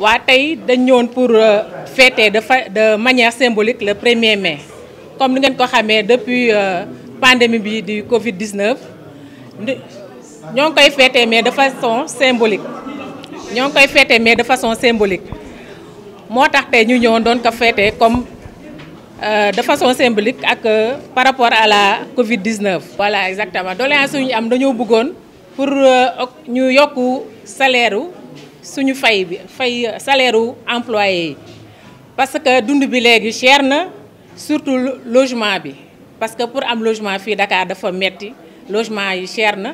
waa tey dañ ñëwoon pour euh, fêter de de manière symbolique la premier mai comme ni ngeen ko xamee depuis euh, pandémie bi du Covid 19 ñoo ngi koy fêter mais de façon symbolique ñoo ngi koy fêter mais de façon symbolique moo tax te ñu ñëwoon doon ko fêter comme euh, de façon symbolique ak par rapport à la Covid 19. voilà exactement doléance yu ñu am dañoo bëggoon pour ñu yokk salaire suñu fay bi fay salaire u employé yi parce que dund bi léegi cher na surtout logement bi parce que pour am logement fii Dakar dafa metti logement yi chair na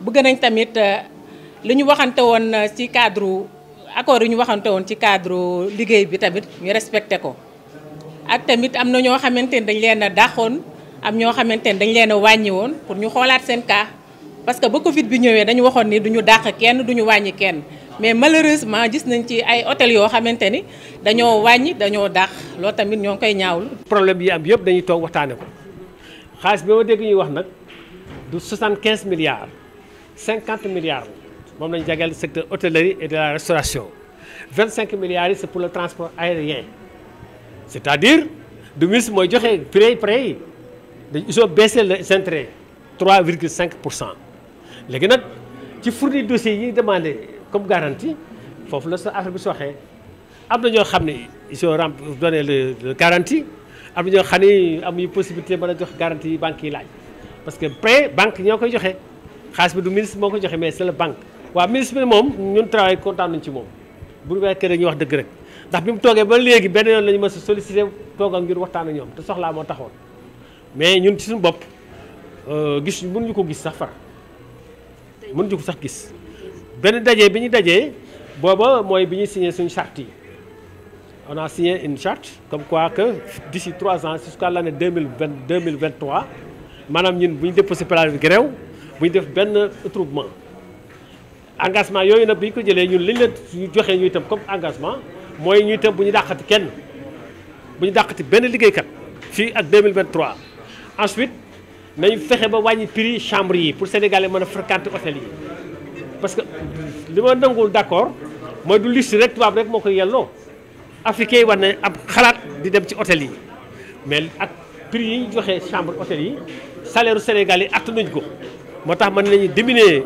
bëgg nañ tamit euh, li ñu waxante woon euh, ci cadre accord yu ñu waxante woon ci cadre liggéey bi tamit ñu respecté ko ak tamit am na ñoo xamante ni dañ leen a dàqoon am ñoo xamante ni dañ leen a wàññi woon pour ñu xoolaat seen cas parce que ba Covid bi ñëwee dañu waxoon nii duñu dàq kenn duñu wàññi kenn mais malheureusement gis nañ ci ay hôtel yoo xamante ni dañoo wàññi dañoo dàq loolu tamit ñoo ngi koy ñaawlu. problème yi am yëpp dañuy toog waxtaane ko xaalis bi ma dégg ñuy wax nag du 75 milliards 50 milliards moom lañ jagleel secteur hôtellerie et de la restauration 25 milliards yi c'est pour le transport aérien c'est-à-dire du ministre mooy joxe prix prix yi dañ ils ont baissé trois intérêts cinq pour cent léegi nag ci fourni dossiers yi demandé. comme garantie foofu la sa affaire bi soxee am na ñoo xam ne ils ont rem donné le garantie am na ñoo xam ne amuñu possibilité mën a jox garantie yi banques yi laaj parce que prêt banque ñoo koy joxe xaalis bi du ministre moo koy joxe mais c'est banque waa ministre bi moom ñun travail kontaan nañu ci moom bu fekkee ñu wax dëgg rek ndax bi mu toogee ba léegi benn yoon la ñu mës a sollicité toog ak ngir waxtaan ñoom te soxlaa moo taxoon mais ñun ci suñu bopp euh, gis ñu ko gis sax far mënuñu ko sax gis benn dajee bi ñu dajee booba mooy bi ñu signé suñu chart yi on a signé une comme quoi que d'ici trois ans jusqu'à l'année deux mille vingt deux mille vingt trois maanaam ñun bu ñu déposé plan de bu ñu def benn attroupement engagement yooyu nag bi ñu ko jëlee ñun liñ la ñu joxee ñuy itam comme engagement mooy ñu itam bu ñu dàqati kenn bu ñu dàqati benn liggéeykat fii ak deux mille vingt trois ensuite nañ fexe ba wàññi prix chambre yi pour sénégalais mën a fréquenter hôtel yi. parce que li ma nanguwul d'accord mooy du liste rek tubaab rek moo koy yelloo africain yi war nañ ab xalaat di dem ci hôtel yi mais ak prix yi ñu joxe chambre hôtel yi salaire Sénégal yi nañ ko moo tax man lañuy diminuer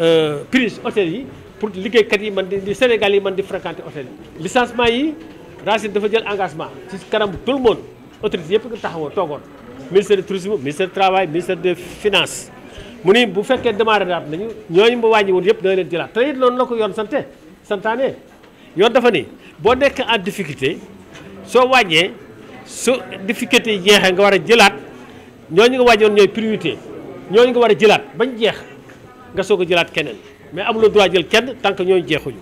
euh, prix hôtel yi pour liggéeykat yi man di Sénégal yi man di fréquenter hôtel yi licenciement yi Racine dafa jël engagement ci kanam tout le monde autorité yëpp nga taxawoo toogoon ministère du tourisme ministère du travail ministère des finances mu ni bu fekkee démarré daat nañu ñooñu mu wàññi woon yëpp dana leen jëlaat te it loolu la ko yoon sante santaane yoon dafa ni boo nekk en difficulté soo wàññee su difficulté jeexee nga war a jëlaat ñooñu nga wàññi woon ñooy priorité ñooñu nga war a jëlaat bañ jeex nga soog a jëlaat keneen mais amuloo droit jël kenn tant que ñooñu jeexuñu